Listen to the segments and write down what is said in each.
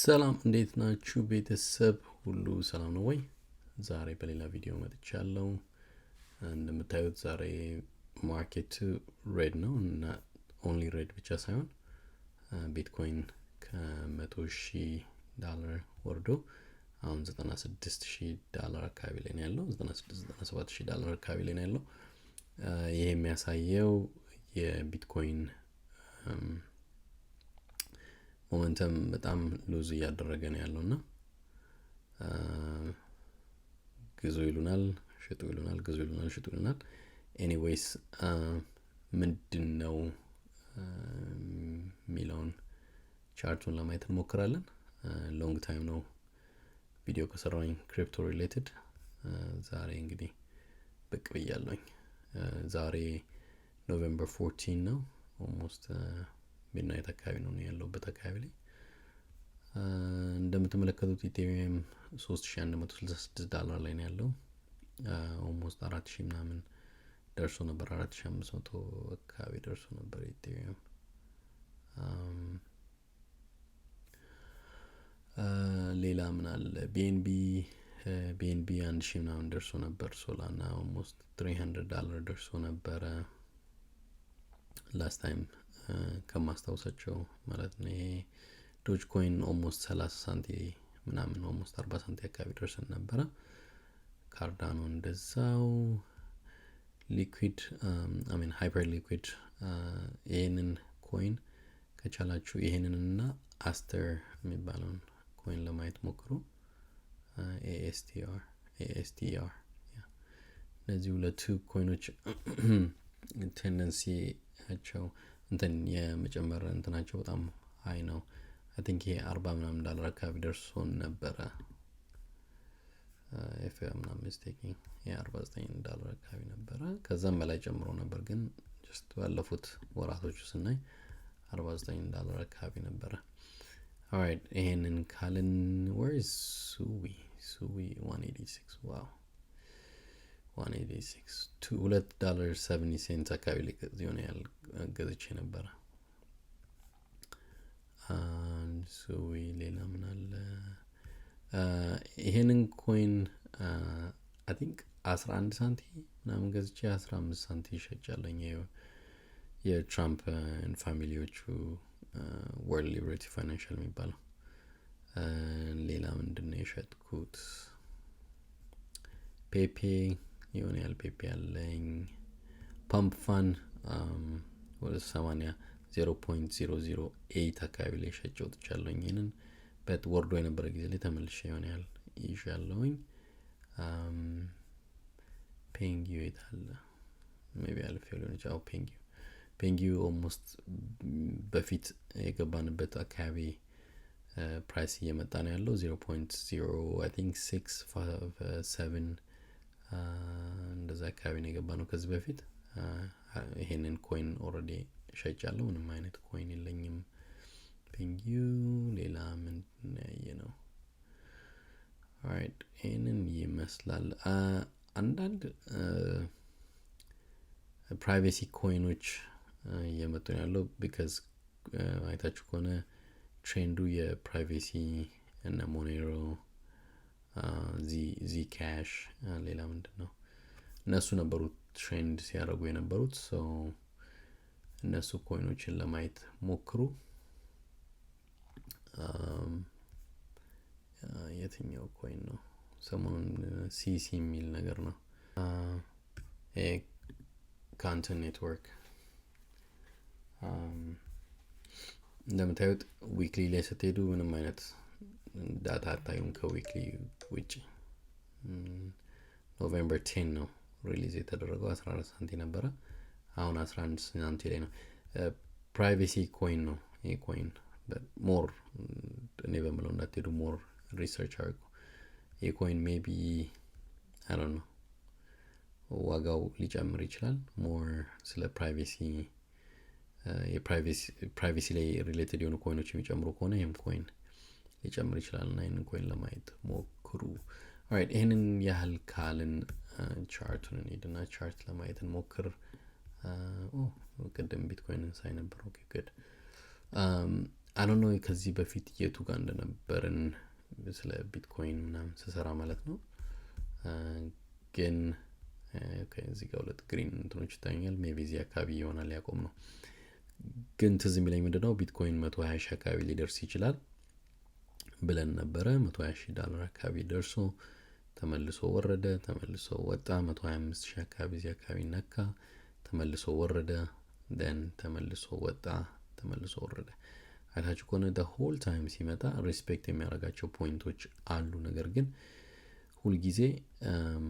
ሰላም እንዴት ናችሁ ቤተሰብ ሁሉ ሰላም ነው ወይ? ዛሬ በሌላ ቪዲዮ መጥቻለሁ። እንደምታዩት ዛሬ ማርኬት ሬድ ነው እና ኦንሊ ሬድ ብቻ ሳይሆን ቢትኮይን ከመቶ ሺህ ዳላር ወርዶ አሁን 96 ሺህ ዳላር አካባቢ ላይ ነው ያለው። 9697 ሺህ ዳላር አካባቢ ላይ ነው ያለው። ይሄ የሚያሳየው የቢትኮይን ሞመንተም በጣም ሉዝ እያደረገ ነው ያለው እና ግዙ ይሉናል፣ ሽጡ ይሉናል፣ ግዙ ይሉናል፣ ሽጡ ይሉናል። ኤኒዌይስ ምንድን ነው የሚለውን ቻርቱን ለማየት እንሞክራለን። ሎንግ ታይም ነው ቪዲዮ ከሰራኝ ክሪፕቶ ሪሌትድ። ዛሬ እንግዲህ ብቅ ብያለኝ። ዛሬ ኖቬምበር ፎርቲን ነው ኦልሞስት ቤድናየት አካባቢ ነው ያለውበት አካባቢ ላይ እንደምትመለከቱት ኢቴሪየም 3166 ዳላር ላይ ነው ያለው። ኦልሞስት 4000 ምናምን ደርሶ ነበር፣ 4500 አካባቢ ደርሶ ነበር ኢቴሪየም። ሌላ ምን አለ? ቢኤንቢ ቢኤንቢ ሺ ምናምን ደርሶ ነበር። ሶላና ኦልሞስት 300 ዳላር ደርሶ ነበረ ላስት ታይም ከማስታውሳቸው ማለት ነው። ይሄ ዶጅ ኮይን ኦልሞስት 30 ሳንቲ ምናምን ኦልሞስት 40 ሳንቲ አካባቢ ደርሰን ነበረ። ካርዳኖ እንደዛው ሊኩዊድ አሚን ሃይፐር ሊኩዊድ ይህንን ኮይን ከቻላችሁ ይህንንና አስተር የሚባለውን ኮይን ለማየት ሞክሩ። ኤኤስቲአር ኤኤስቲአር እነዚህ ሁለቱ ኮይኖች ቴንደንሲ ያቸው እንትን የመጨመር እንትናቸው በጣም አይ ነው። አይ ቲንክ ይሄ አርባ ምናምን ዳላር አካባቢ ደርሶን ነበረ። ኢፍ ምናምን ሚስቴኪንግ ይሄ አርባ ዘጠኝ ዳላር አካባቢ ነበረ። ከዛም በላይ ጨምሮ ነበር፣ ግን ጀስት ባለፉት ወራቶቹ ስናይ አርባ ዘጠኝ ዳላር አካባቢ ነበረ። ኦራይት ይሄንን ካልን ወርስ ሱዊ ሱዊ ዋን ኤቲ ሲክስ ዋው ሁለት ዳላር ሰቨኒ ሴንት አካባቢ ላይ ሆነ ያህል ገዝቼ ነበረ። አንሱዊ ሌላ ምን አለ? ይሄንን ኮይን አይ ቲንክ አስራ አንድ ሳንቲ ምናምን ገዝቼ አስራ አምስት ሳንቲ ይሸጫለኝ። የትራምፕ ፋሚሊዎቹ ወርልድ ሊበርቲ ፋይናንሻል የሚባለው ሌላ ምንድን ነው የሸጥኩት ፔፔ የሆነ ያህል ፔፔ ያለኝ ፓምፕ ፋን ወደ 80 0.008 አካባቢ ላይ ሸጨው ትቻለኝ ይህንን በት ወርዶ የነበረ ጊዜ ላይ ተመልሸ የሆነ ያህል ይዣለሁኝ። ፔንጊዮ የት አለ? ቢ አልፌ ሊሆን ይችላል። ፔንጊዮ ፔንጊዮ ኦልሞስት በፊት የገባንበት አካባቢ ፕራይስ እየመጣ ነው ያለው 0.0 አይ ቲንክ 6 7 እንደዛ አካባቢ ነው የገባ ነው ከዚህ በፊት ይሄንን ኮይን ኦረዲ ሸጫለሁ ምንም አይነት ኮይን የለኝም ቴንኪዩ ሌላ ምን ያየ ነው ራይት ይህንን ይመስላል አንዳንድ ፕራይቬሲ ኮይኖች እየመጡ ነው ያለው ቢካዝ አይታችሁ ከሆነ ትሬንዱ የፕራይቬሲ እነ ሞኔሮ ዚ ካሽ ሌላ ምንድን ነው እነሱ ነበሩ ትሬንድ ሲያደርጉ የነበሩት ሰው እነሱ ኮይኖችን ለማየት ሞክሩ የትኛው ኮይን ነው ሰሞኑን ሲሲ የሚል ነገር ነው ካንተን ኔትወርክ እንደምታዩት ዊክሊ ላይ ስትሄዱ ምንም አይነት ዳታ አታዩም ከዊክሊ ውጭ ኖቬምበር ቴን ነው ሪሊዝ የተደረገው 14 ሳንቲ ነበረ አሁን 11 ሳንቲ ላይ ነው ፕራይቬሲ ኮይን ነው ይህ ኮይን ሞር እኔ በምለው እንዳትሄዱ ሞር ሪሰርች አርጉ ይህ ኮይን ሜቢ አይ ነው ዋጋው ሊጨምር ይችላል ሞር ስለ ፕራይቬሲ የፕራይቬሲ ላይ ሪሌትድ የሆኑ ኮይኖች የሚጨምሩ ከሆነ ይህም ኮይን ሊጨምር ይችላል እና ይህንን ኮይን ለማየት ሞክሩ። ኦራይት ይህንን ያህል ካልን ቻርቱን ና ቻርት ለማየት እንሞክር። uh, oh, ቅድም ቢትኮይንን ሳይ ነበር። ኦኬ ግድ አይ ከዚህ በፊት የቱ ጋር እንደነበርን ስለ ቢትኮይን ምናምን ስሰራ ማለት ነው። uh, ግን uh, እዚህ ጋር ሁለት ግሪን እንትኖች ይታኛል ሜቢ ዚህ አካባቢ ይሆናል ያቆም ነው። ግን ትዝ የሚለኝ ምንድነው ቢትኮይን መቶ ሀያ ሺህ አካባቢ ሊደርስ ይችላል ብለን ነበረ። 120 ሺህ ዳላር አካባቢ ደርሶ ተመልሶ ወረደ፣ ተመልሶ ወጣ። 125 ሺህ አካባቢ እዚህ አካባቢ ነካ፣ ተመልሶ ወረደ፣ ደን ተመልሶ ወጣ፣ ተመልሶ ወረደ። አይታችሁ ከሆነ ሆል ታይም ሲመጣ ሪስፔክት የሚያደርጋቸው ፖይንቶች አሉ። ነገር ግን ሁልጊዜ um,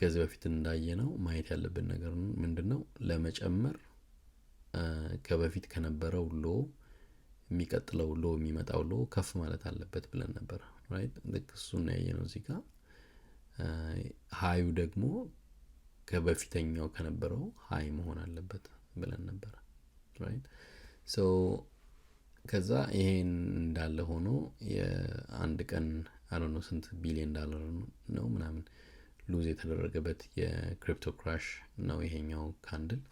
ከዚህ በፊት እንዳየ ነው ማየት ያለብን ነገር ምንድን ነው ለመጨመር uh, ከበፊት ከነበረው ሎ የሚቀጥለው ሎ የሚመጣው ሎ ከፍ ማለት አለበት ብለን ነበር ራይት ልክ እሱን ያየ ነው እዚህ ሀዩ ደግሞ ከበፊተኛው ከነበረው ሀይ መሆን አለበት ብለን ነበረ ራይት ሶ ከዛ ይሄን እንዳለ ሆኖ የአንድ ቀን አለነ ስንት ቢሊዮን ዳለር ነው ምናምን ሉዝ የተደረገበት የክሪፕቶ ክራሽ ነው ይሄኛው ካንድል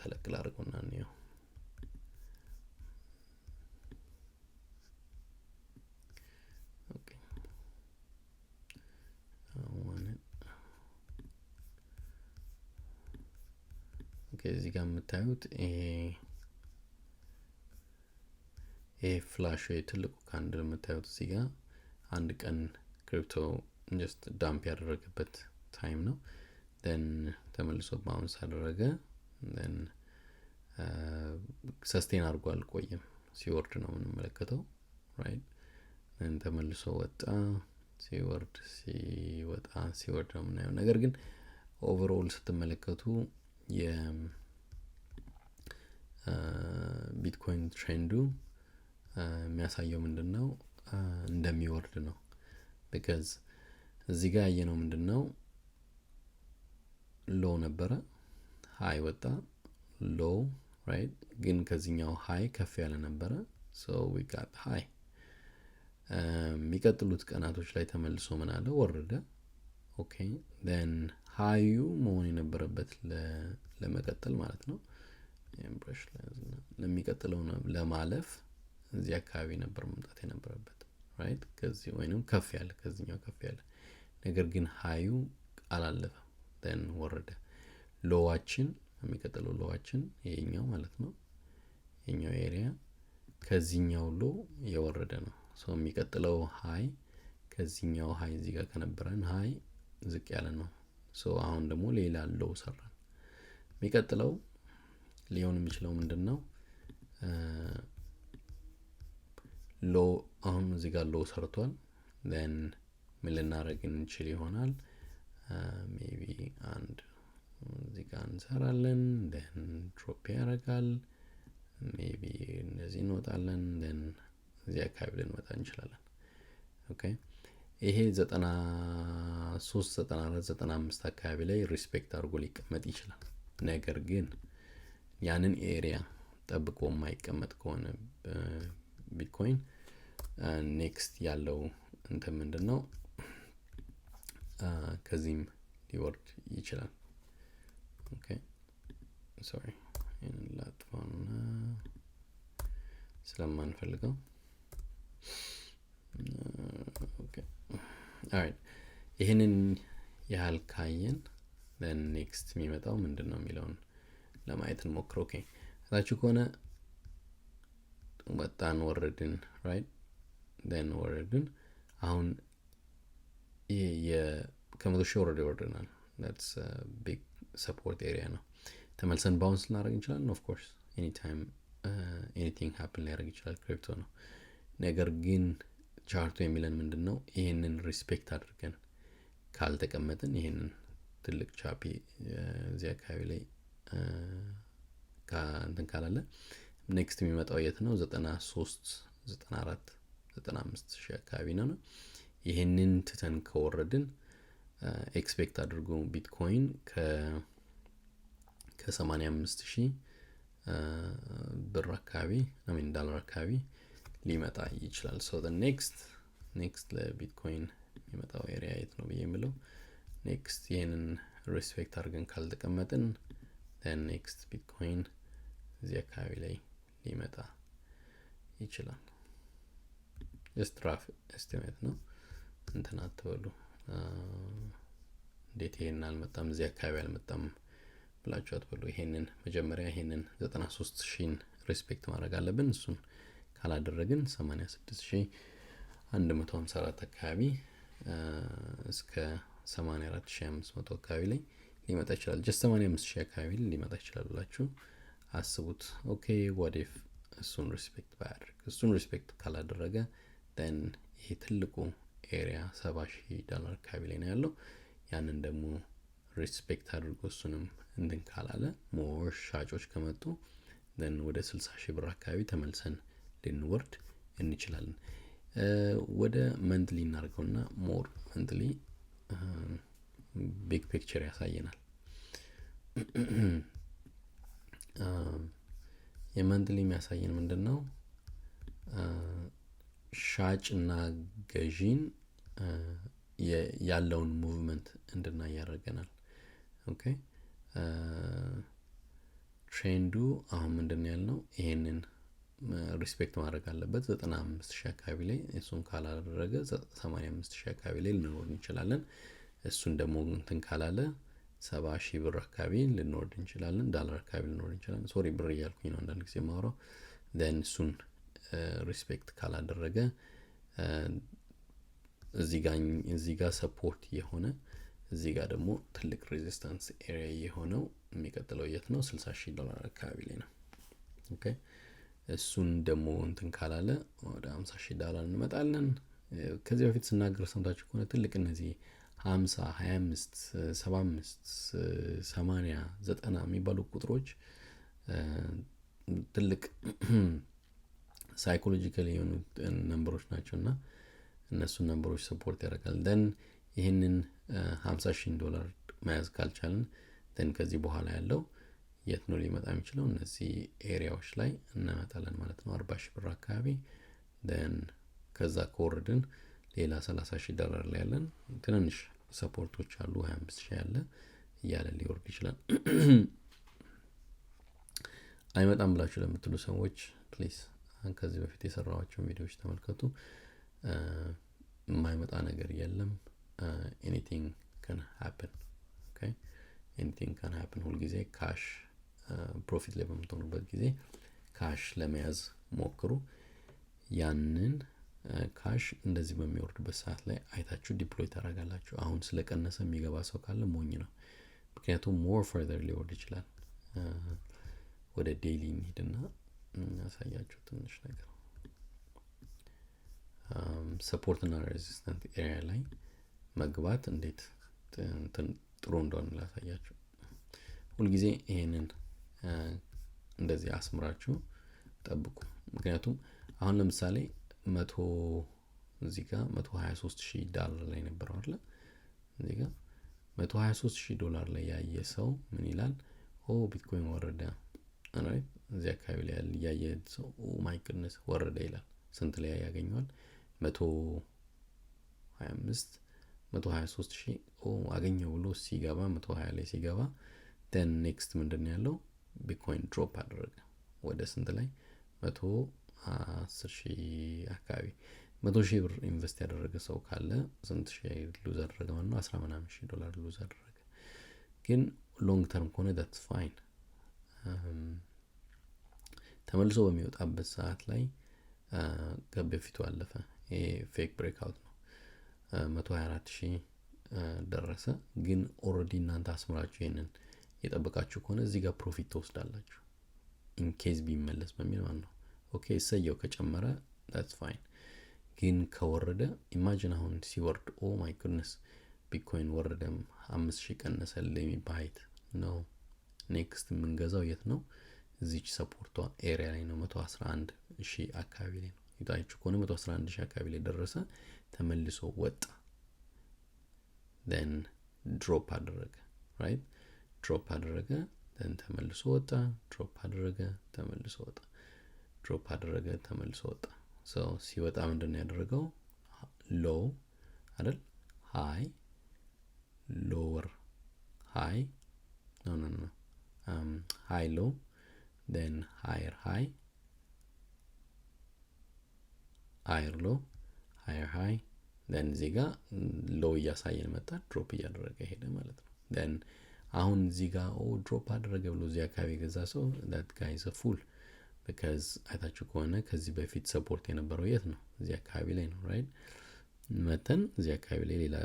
ተለቅል አድርጎና ነው እዚህ ጋር የምታዩት ይሄ ፍላሽ ትልቁ ካንድል የምታዩት እዚህ ጋር አንድ ቀን ክሪፕቶ ጀስት ዳምፕ ያደረገበት ታይም ነው። ን ተመልሶ በአሁን ሳደረገ ሰስቴን አድርጎ አልቆየም። ሲወርድ ነው የምንመለከተው። ራይት ን ተመልሶ ወጣ፣ ሲወርድ ሲወጣ ሲወርድ ነው የምናየው። ነገር ግን ኦቨርኦል ስትመለከቱ የቢትኮይን ትሬንዱ የሚያሳየው ምንድን ነው እንደሚወርድ ነው። ቢካዝ እዚህ ጋር ነው ምንድን ነው ሎ ነበረ ሀይ ወጣ ሎ ራይት፣ ግን ከዚህኛው ሀይ ከፍ ያለ ነበረ ሶ ዊ ጋት ሀይ። የሚቀጥሉት ቀናቶች ላይ ተመልሶ ምን አለ ወረደ። ኦኬ ን ሀዩ መሆን የነበረበት ለመቀጠል ማለት ነው። ለሚቀጥለው ለማለፍ እዚህ አካባቢ ነበር መምጣት የነበረበት ራይት። ከዚህ ወይንም ከፍ ያለ ከዚኛው ከፍ ያለ ነገር ግን ሀዩ አላለፈም ን ወረደ። ሎዋችን የሚቀጥለው ሎዋችን ይሄኛው ማለት ነው። ይሄኛው ኤሪያ ከዚህኛው ሎ የወረደ ነው። የሚቀጥለው ሀይ ከዚህኛው ሀይ እዚህ ጋር ከነበረን ሀይ ዝቅ ያለ ነው። አሁን ደግሞ ሌላ ለው ሰራ። የሚቀጥለው ሊሆን የሚችለው ምንድን ነው? ሎ አሁን እዚህ ጋር ሎ ሰርቷል። ን ምን ልናደርግ እንችል ይሆናል? ሜቢ አንድ እዚህ ጋር እንሰራለን። ን ድሮፕ ያደርጋል። ሜቢ እንደዚህ እንወጣለን። ን እዚህ አካባቢ ልንወጣ እንችላለን። ኦኬ ይሄ 93 94 95 አካባቢ ላይ ሪስፔክት አድርጎ ሊቀመጥ ይችላል። ነገር ግን ያንን ኤሪያ ጠብቆ የማይቀመጥ ከሆነ ቢትኮይን ኔክስት ያለው እንትን ምንድን ነው? ከዚህም ሊወርድ ይችላል። ሶሪ ላጥፋና ስለማንፈልገው ኦኬ ኦራይት ይህንን ያህል ካየን ኔክስት የሚመጣው ምንድን ነው የሚለውን ለማየት እንሞክር። ኦኬ ከሆነ ወጣን ወረድን፣ ራይት ን ወረድን። አሁን ከመቶ ሺህ ወረድ ይወርድናል። ስ ቢግ ሰፖርት ኤሪያ ነው። ተመልሰን ባውንስ ልናደርግ እንችላለን። ኦፍኮርስ ኤኒታይም ኤኒቲንግ ሀፕን ሊያደርግ ይችላል። ክሪፕቶ ነው ነገር ግን ቻርቱ የሚለን ምንድን ነው? ይህንን ሪስፔክት አድርገን ካልተቀመጥን ይህንን ትልቅ ቻፒ እዚህ አካባቢ ላይ እንትን ካላለ ኔክስት የሚመጣው የት ነው? ዘ9ሶ 93 94 95 ሺህ አካባቢ ነው ነው። ይህንን ትተን ከወረድን ኤክስፔክት አድርጎ ቢትኮይን ከ85 ሺህ ብር አካባቢ ሚን ዳላር አካባቢ ሊመጣ ይችላል። ሶ ኔክስት ኔክስት ለቢትኮይን የሚመጣው ኤሪያ የት ነው ብዬ የምለው ኔክስት ይህንን ሬስፔክት አድርገን ካልተቀመጥን ኔክስት ቢትኮይን እዚህ አካባቢ ላይ ሊመጣ ይችላል። ስትራፍ ኤስቲሜት ነው እንትን አትበሉ። እንዴት ይሄንን አልመጣም እዚህ አካባቢ አልመጣም ብላችሁ አትበሉ። ይሄንን መጀመሪያ ይሄንን 93 ሺን ማድረግ አለብን እሱን ካላደረግን 86154 አካባቢ እስከ 84500 አካባቢ ላይ ሊመጣ ይችላል። ጀስ 85000 አካባቢ ሊመጣ ይችላል ብላችሁ አስቡት። ኦኬ ዋዴፍ እሱን ሪስፔክት ባያደርግ እሱን ሪስፔክት ካላደረገ ደን ይሄ ትልቁ ኤሪያ 70000 ዶላር አካባቢ ላይ ነው ያለው። ያንን ደግሞ ሪስፔክት አድርጎ እሱንም እንትን ካላለ ሞር ሻጮች ከመጡ ን ወደ 60000 ብር አካባቢ ተመልሰን ልንወርድ እንችላለን። ወደ መንትሊ እናደርገውና ሞር መንትሊ ቢግ ፒክቸር ያሳየናል። የመንትሊ የሚያሳየን ምንድን ነው? ሻጭና ገዢን ያለውን ሙቭመንት እንድናይ ያደርገናል። ኦኬ ትሬንዱ አሁን ምንድን ነው ያልነው? ይሄንን ሪስፔክት ማድረግ አለበት 95 ሺህ አካባቢ ላይ እሱን ካላደረገ 85 ሺህ አካባቢ ላይ ልንወርድ እንችላለን እሱን ደግሞ እንትን ካላለ 70 ሺህ ብር አካባቢ ልንወርድ እንችላለን ዳላር አካባቢ ልንወርድ እንችላለን ሶሪ ብር እያልኩኝ ነው አንዳንድ ጊዜ ማውራው ን እሱን ሪስፔክት ካላደረገ እዚህ ጋር ሰፖርት የሆነ እዚህ ጋር ደግሞ ትልቅ ሬዚስታንስ ኤሪያ የሆነው የሚቀጥለው የት ነው 60 ሺህ ዶላር አካባቢ ላይ ነው ኦኬ እሱን ደግሞ እንትን ካላለ ወደ 50 ሺህ ዳላር እንመጣለን። ከዚህ በፊት ስናገር ሰምታችሁ ከሆነ ትልቅ እነዚህ 50፣ 25፣ 75፣ 80፣ 90 የሚባሉ ቁጥሮች ትልቅ ሳይኮሎጂካል የሆኑ ነንበሮች ናቸው እና እነሱን ነንበሮች ሰፖርት ያደርጋል። ደን ይህንን 50 ሺህ ዶላር መያዝ ካልቻልን ደን ከዚህ በኋላ ያለው የት ነው ሊመጣ የሚችለው? እነዚህ ኤሪያዎች ላይ እናመጣለን ማለት ነው። አርባ ሺህ ብር አካባቢ ን ከዛ ከወርድን ሌላ 30 ሺህ ዶላር ላይ ያለን ትንንሽ ሰፖርቶች አሉ። 25 ሺህ ያለ እያለ ሊወርድ ይችላል። አይመጣም ብላችሁ ለምትሉ ሰዎች ፕሊስ ከዚህ በፊት የሰራኋቸውን ቪዲዮዎች ተመልከቱ። የማይመጣ ነገር የለም። ኤኒቲንግ ከን ሀፕን ኤኒቲንግ ከን ሀፕን ሁልጊዜ ካሽ ፕሮፊት ላይ በምትሆኑበት ጊዜ ካሽ ለመያዝ ሞክሩ። ያንን ካሽ እንደዚህ በሚወርድበት ሰዓት ላይ አይታችሁ ዲፕሎይ ታደርጋላችሁ። አሁን ስለቀነሰ የሚገባ ሰው ካለ ሞኝ ነው። ምክንያቱም ሞር ፈርዘር ሊወርድ ይችላል። ወደ ዴይሊ እንሂድና እናሳያችሁ ትንሽ ነገር ሰፖርትና ሬዚስተንት ኤሪያ ላይ መግባት እንዴት ጥሩ እንደሆነ ላሳያችሁ። ሁልጊዜ ይሄንን እንደዚህ አስምራችሁ ጠብቁ። ምክንያቱም አሁን ለምሳሌ መቶ እዚህ ጋር መቶ ሀያ ሶስት ሺህ ዳላር ላይ ነበረው አለ እዚህ ጋር መቶ ሀያ ሶስት ሺህ ዶላር ላይ ያየ ሰው ምን ይላል? ኦ ቢትኮይን ወረደ ራይት። እዚህ አካባቢ ላይ ያለ ያየ ሰው ኦ ማይ ቅንስ ወረደ ይላል። ስንት ላይ ያገኘዋል? መቶ ሀያ አምስት መቶ ሀያ ሶስት ሺህ ኦ አገኘው ብሎ ሲገባ መቶ ሀያ ላይ ሲገባ ን ኔክስት ምንድን ነው ያለው ቢትኮይን ድሮፕ አደረገ ወደ ስንት ላይ መቶ አስር ሺህ አካባቢ መቶ ሺህ ብር ኢንቨስት ያደረገ ሰው ካለ ስንት ሺህ ሉዝ አደረገ ማለት ነው? አስራ ምናምን ሺህ ዶላር ሉዝ አደረገ። ግን ሎንግ ተርም ከሆነ ዳት ፋይን። ተመልሶ በሚወጣበት ሰዓት ላይ በፊቱ አለፈ። ይሄ ፌክ ብሬክአውት ነው። መቶ ሀያ አራት ሺህ ደረሰ። ግን ኦረዲ እናንተ አስምራችሁ ይህንን? የጠበቃችሁ ከሆነ እዚህ ጋር ፕሮፊት ትወስዳላችሁ። ኢንኬዝ ቢመለስ በሚል ማለት ነው። ኦኬ እሰየው ከጨመረ ዳትስ ፋይን። ግን ከወረደ ኢማጂን አሁን ሲወርድ ኦ ማይ ጉድነስ ቢትኮይን ወረደም አምስት ሺህ ቀነሰል የሚባል ነው። ኔክስት የምንገዛው የት ነው? እዚች ሰፖርቷ ኤሪያ ላይ ነው። መቶ አስራ አንድ ሺህ አካባቢ ላይ ነው የታየችው ከሆነ መቶ አስራ አንድ ሺህ አካባቢ ላይ ደረሰ፣ ተመልሶ ወጣ፣ ደን ድሮፕ አደረገ ራይት ድሮፕ አደረገ ን ተመልሶ ወጣ ድሮፕ አደረገ ተመልሶ ወጣ ድሮፕ አደረገ ተመልሶ ወጣ ሰው ሲወጣ ምንድን ነው ያደረገው ሎው አይደል ሃይ ሎወር ሃይ ኖ ኖ ኖ um, ሃይ ሎው ን ሃየር ሃይ ሃየር ሎው ሃየር ሃይ ን እዚህ ጋ ሎው እያሳየን መጣ ድሮፕ እያደረገ ሄደ ማለት ነው ን አሁን እዚህ ጋር ድሮፕ አደረገ ብሎ እዚህ አካባቢ የገዛ ሰው ዳት ጋይዘ ፉል ቢካዝ አይታችሁ ከሆነ ከዚህ በፊት ሰፖርት የነበረው የት ነው? እዚህ አካባቢ ላይ ነው ራይት። መተን እዚህ አካባቢ ላይ ሌላ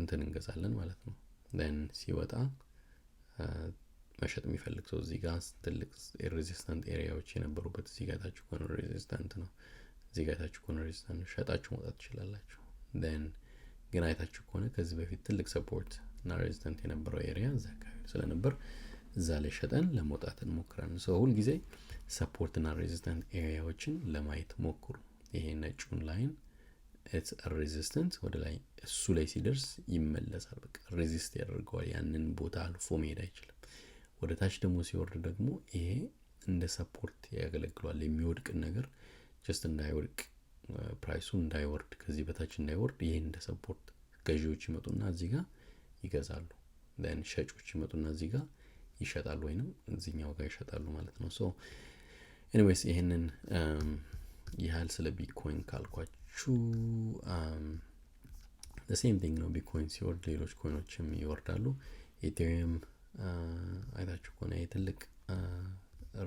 እንትን እንገዛለን ማለት ነው። ን ሲወጣ መሸጥ የሚፈልግ ሰው እዚህ ጋ ትልቅ ሬዚስታንት ኤሪያዎች የነበሩበት እዚህ ጋር ታችሁ ከሆነ ሬዚስታንት ነው። እዚህ ጋር ከሆነ ሬዚስታንት ሸጣችሁ መውጣት ትችላላችሁ። ን ግን አይታችሁ ከሆነ ከዚህ በፊት ትልቅ ሰፖርት እና ሬዚደንት የነበረው ኤሪያ እዛ አካባቢ ስለነበር እዛ ላይ ሸጠን ለመውጣት እንሞክራለን። ሰው ሁልጊዜ ሰፖርትና ሬዚስተንት ኤሪያዎችን ለማየት ሞክሩ። ይሄ ነጩን ላይን ሬዚስተንት ወደ ላይ እሱ ላይ ሲደርስ ይመለሳል። በቃ ሬዚስት ያደርገዋል። ያንን ቦታ አልፎ መሄድ አይችልም። ወደ ታች ደግሞ ሲወርድ ደግሞ ይሄ እንደ ሰፖርት ያገለግሏል። የሚወድቅን ነገር ጀስት እንዳይወድቅ ፕራይሱ እንዳይወርድ ከዚህ በታች እንዳይወርድ ይሄ እንደ ሰፖርት ገዢዎች ይመጡና እዚህ ጋር ይገዛሉ። ን ሸጮች ይመጡና እዚህ ጋር ይሸጣሉ ወይንም እዚኛው ጋር ይሸጣሉ ማለት ነው። ሶ ኤኒዌይስ ይህንን ያህል ስለ ቢትኮይን ካልኳችሁ ሴም um, ቲንግ ነው። ቢትኮይን ሲወርድ ሌሎች ኮይኖችም ይወርዳሉ። ኢትሪየም uh, አይታችሁ ከሆነ የትልቅ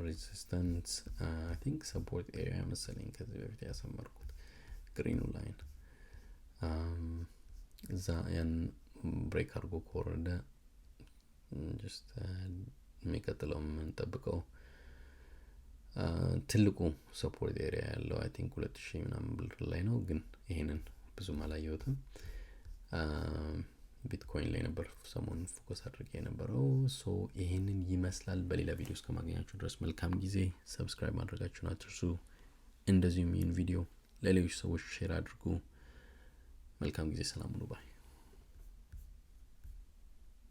ሬዚስተንስ ቲንክ ሰፖርት ኤሪያ መሰለኝ ከዚህ በፊት ያሰመርኩት ግሪኑ ላይን um, እዛ ያን ብሬክ አድርጎ ከወረደ ጀስት uh, የሚቀጥለው የምንጠብቀው uh, ትልቁ ሰፖርት ኤሪያ ያለው አይ ቲንክ ሁለት ሺህ ምናምን ብር ላይ ነው። ግን ይሄንን ብዙም አላየሁትም። ቢትኮይን uh, ላይ ነበር ሰሞኑን ፎከስ አድርጌ የነበረው። ሶ ይሄንን ይመስላል። በሌላ ቪዲዮ እስከማገኛችሁ ድረስ መልካም ጊዜ። ሰብስክራይብ ማድረጋችሁን አትርሱ። እንደዚሁም ይህን ቪዲዮ ለሌሎች ሰዎች ሼር አድርጉ። መልካም ጊዜ። ሰላም ሙሉ ባይ